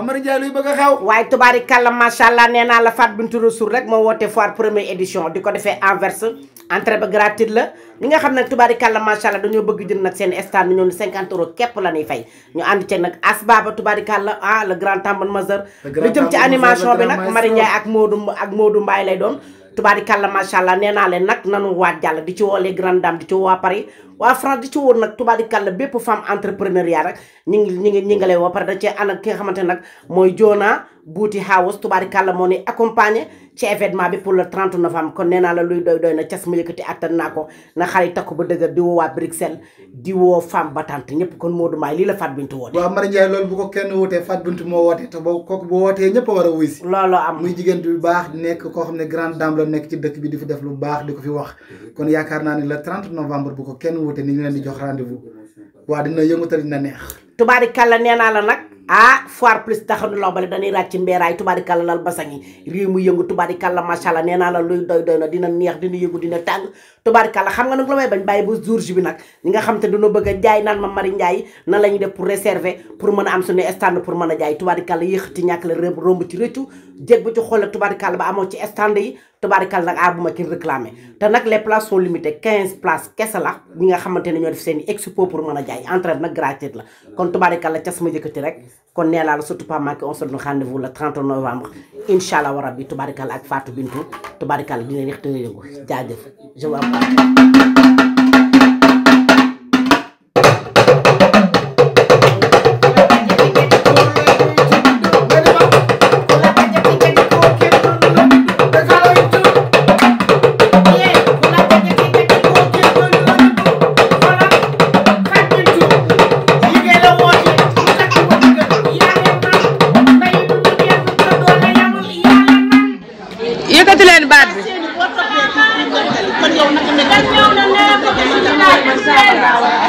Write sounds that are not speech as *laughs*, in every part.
Amar Ndiaye luy bëgg a xew waaye tubaari kàlla macha allah nee naa la Fatou Bintou Rassoul rek moo woote foire première édition di ko defee Anvers entrée ba gratuite la ñi nga xam ne nag tubaari kàlla macha allah dañoo bëgg jënd nag seen stand bi ñoom 50 euros képp la ñuy fay ñu ànd ci nag Asbaba tubaari kàlla ah le grand tambour majeur lu jëm ci animation bi nag Mari Ndiaye ak Modou ak Modou Mbaye lay doon tubaarikàlla macha allah nee naa leen nag nanu waat jàll di ci woo les grandes dames di ci woo waa Paris waa France di ci woo nag tubaarikàlla bépp femme entrepreneuriat rek ñu ngi ñu ngi ñu woo pare da cee ànd ak ki nga xamante nag mooy Joona Bouti House tubaarikàlla moo ni accompagné ci événement bi pour le 30 novembre kon nee la luy doy doy na cas mu yëkkati attan naa ko na xarit takku ba dëgër di woo Bruxelles di woo femme battante ñëpp kon Modou Mbaye lii la Fatou Bintou woote. waaw Marie Ndiaye loolu bu ko kenn wootee Fatou Bintou moo woote te boo kooku bu wootee ñëpp a war a wuy si. looloo am muy jigéen bu baax nekk koo xam ne grande dame la nekk ci dëkk bi di fi def lu baax di ko fi wax kon ah foire plus taxanu law bale dañuy ràcc mbeeraay tubaarikàlla lal basan yi réew mu yëngu tubaarikàlla macha allah nee naa la luy doy doy na dina neex dina yëngu dina tàng tubaarikàlla xam nga nag la may bañ bàyyi ba jour bi nag ñi nga xam te dañoo bëgg a jaay naan ma mari njaay na la ñuy def pour réserver pour mën a am suñu stand pour mën a jaay tubaarikàlla yéexati ñàkk la romb ci rëccu jég bu ci xoole tubaarikàlla ba amoo ci stand yi tubaarikal nag ah bu ma kenn réclamé mm. te nag les places sont limitées 15 places kese la ñi nga xamante ne ñoo def seen expo pour man a jaay entrée nag gratuite la kon tubaarikal la cas ma yëkkati rek kon nee surtout pas manqué on se donne rendez-vous le 30 novembre incha allah wa rabbi tubaarikal ak Fatou Bintou tubaarikal dina neex te yëngu jaajëf je vous Kenn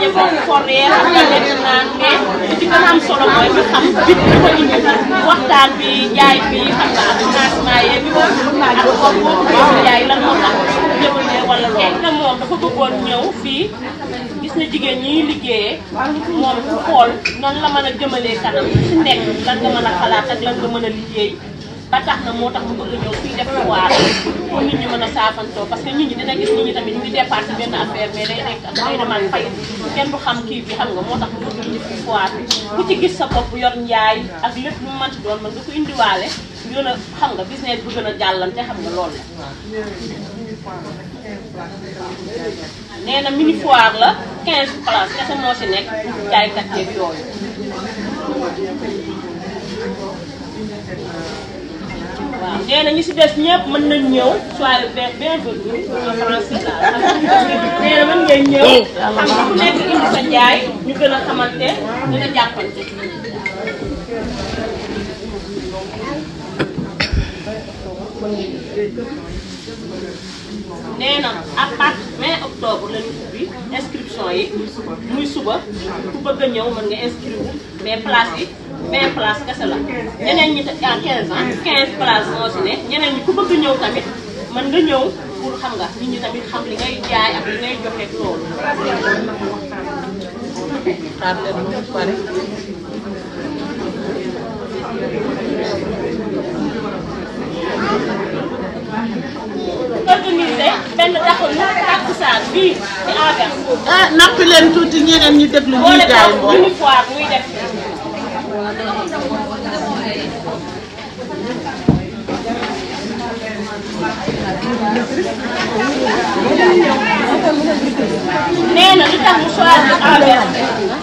ñu bokk foree ak lekk naan mais li ci gën a am solo mooy nga xam bit bi ko indi waxtaan bi jaay bi xam nga ak financement yeeg ak kooku boobu jaay lan dafa bëggoon ñëw fii gis na jigéen ñi liggéeyee moom la mën a jëmalee kanam si nekk lan nga a xalaat ak lan nga mën a liggéey. ba na moo tax mu bëgg a ñëw fii def waar pour nit ñi mën a saafantoo parce que nit ñi dina gis nit ñi tamit ñu ngi dépassé benn affaire mais day nekk day demal kenn du xam kii bi xam nga moo tax mu bëgg indi fii foire bi ku ci gis sa bopp yor njaay ak lépp lu mu mënti doon man nga ko indiwaale gën a xam nga business bu gën a jàllante xam nga loolu la nee na mini foire la 15 place kese moo si nekk jaaykat yeeg yooyu waaw nee ñu si des ñëpp mën nañ ñëw soirée bien bienvenue en français la nee na mën ngeen ñëw oh. xam ku nekk indi sa jaay ñu gën a xamante gën a jàppante nee na à octobre la ñu ubbi inscription yi muy suba ku bëgg a ñëw mën nga inscrire mais place vingt places kese la ñeneen ñi à quinze ans quinze places moo si ne ñeneen ñi ku bëgg ñëw tamit mën nga ñëw pour xam nga nit ñi tamit xam li ngay jaay li ngay joxe loolu xaar leen moom pare nappi leen tuuti ñeneen ñi déglu ñuy jaay mboolem muy def nee na li tax mu choisir Anvers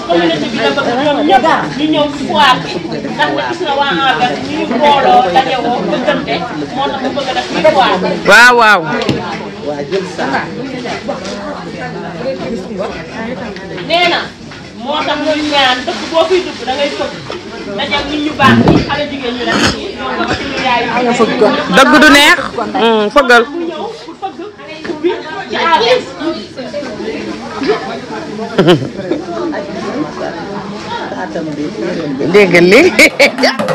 communauté bi la bëgg ñoom ñëpp ñu ñëw si foire bi ndax na gis na waa Anvers ñu ñu booloo dajewoo bëggante moo tax mu bëgg def fii foire bi. waaw waaw. nee na moo tax muy ñaan dëkk boo fiy dugg da ngay fëgg. dajal nit ñu baax ñi xale jigéen ñi rek ñoo ko fëgg dëgg du neex hmm, fëggal *laughs* dégg li *laughs*